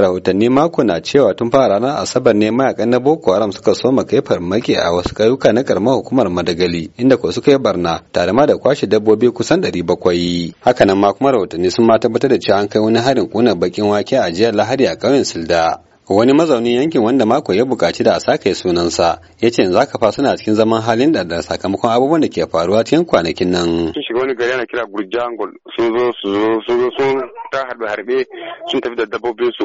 rahotanni mako na cewa tun fara ranar asabar ne mayakan na boko haram suka soma kai farmaki a wasu ƙauyuka na karamar hukumar madagali inda ko suka yi barna tare ma da kwashe dabbobi kusan ɗari bakwai hakanan ma kuma rahotanni sun ma tabbatar da cewa an kai wani harin kuna bakin wake a jiyar Lahadi a ƙauyen silda wani mazaunin yankin wanda mako ya bukaci da a sake sunansa ya ce yanzu ka fa suna cikin zaman halin da sakamakon abubuwan da ke faruwa cikin kwanakin nan. sun shiga wani gari ana kira gurjangol sun zo sun zo sun ta harbe harbe sun tafi da dabbobin su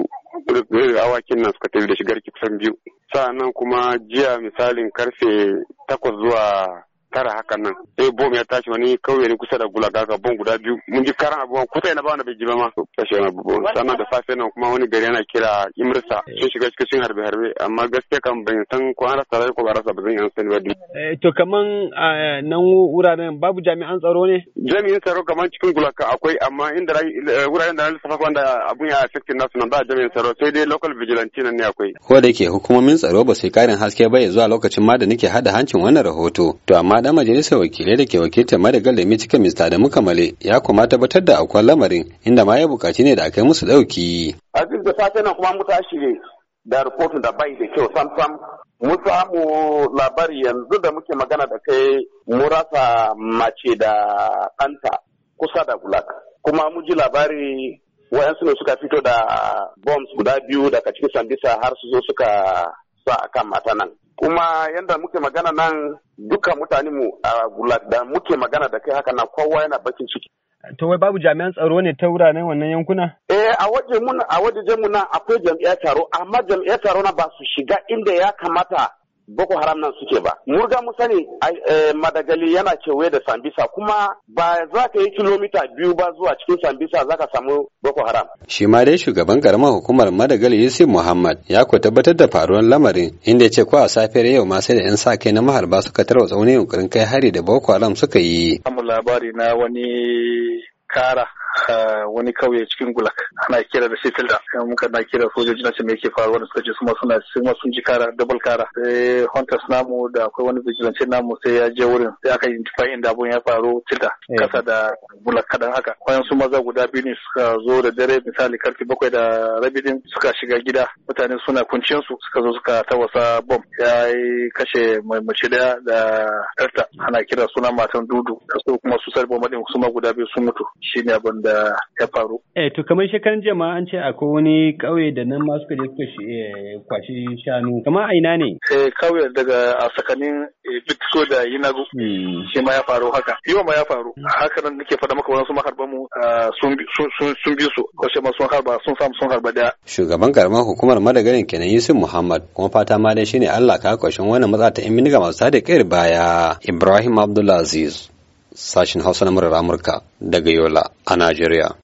awakin nan suka tafi da shigar garki kusan biyu sa'annan kuma jiya misalin karfe takwas zuwa tara hakan nan sai bom ya tashi wani kauye ne kusa da gulaga ga bom guda biyu mun ji karan abuwa kusa yana ba wani bai ji ba ma kashe wani bom sannan da safe nan kuma wani gari yana kira imrisa eh. sun shiga cikin sun harbe harbe amma gaskiya kan ban san ko an rasa ko ba rasa ba zan yi sani ba eh, to kaman nan wuraren babu jami'an tsaro ne jami'an tsaro kaman cikin gulaga akwai amma inda eh, wuraren da na lissafa wanda abun ya affecting nasu nan ba jami'an tsaro sai dai local vigilante nan ne akwai ko da yake hukumomin tsaro ba su karin haske ba zuwa lokacin ma da nake hada hancin wannan rahoto to amma amma majalisar wakilai da ke wakiltar madagal da cikin mista da kamale ya kuma tabbatar da akwai lamarin inda ma ya bukaci ne da aka yi musu ɗauki. abin da safe nan kuma mu shirye da rikotu da bai da kyau sam sam mu samu labari yanzu da muke magana da kai murasa mace da kanta kusa da gulak kuma mu ji labari wayansu ne suka fito da bombs guda biyu daga cikin sandisa har su zo suka sa akan mata nan kuma yadda muke magana nan duka mutane mu a gula da muke magana da kai haka na kowa yana bakin ciki. To wai babu jami'an tsaro ne ta wuraren wannan yankuna? Eh a waje mun a waje mu nan akwai jami'an tsaro amma jami'an taro na ba su shiga inda ya kamata Boko Haram nan suke ba. Murga mu sani eh, Madagali yana kewaye da Sambisa kuma ba za ka yi kilomita biyu ba zuwa cikin Sambisa za ka samu Boko Haram. Shi ma dai shugaban karamar hukumar Madagali Yusuf Muhammad ya ko tabbatar da faruwar lamarin inda ya ce ko a safiyar yau ma sai da 'yan sa kai na maharba suka tarwatsa tsaunin yunkurin kai hari da Boko Haram suka yi. Samu labari na wani kara Eh, wani kauye cikin gulak ana kira da shi filda muka na kira sojoji na ce me yake faruwa da suka ce su ma suna sun ji kara double kara sai hunters namu da akwai wani vigilance namu sai ya je wurin sai aka identify inda abun ya faru tilda eh. kasa da gulak kadan haka wayan su maza guda biyu ne suka zo da dare misali karfe bakwai da rabi din suka shiga gida mutane suna kuncin su suka zo suka tawasa bom ya yi kashe mai mace da tarta ana kira sunan matan dudu da so kuma su sarba madin su guda biyu sun mutu Shi ne abin da ya faru eh to kamar shekaran jama'a an ce akwai wani kauye da nan ma suka je eh, kwashi shanu Kama aina ne eh kauye daga a tsakanin fito da na shi ma ya faru haka yiwa ma ya faru hmm. haka nan nake faɗa maka wasu maharba mu ah, sun bi su kwace ma sun harba sun samu sun harba da shugaban karamar hukumar madagarin kenan yusuf muhammad kuma fata ma dai shine allah ka kwashin wannan matsa ta in ga masu sadi kayar baya ibrahim abdulaziz sashin hausa na murar amurka daga yola a najeriya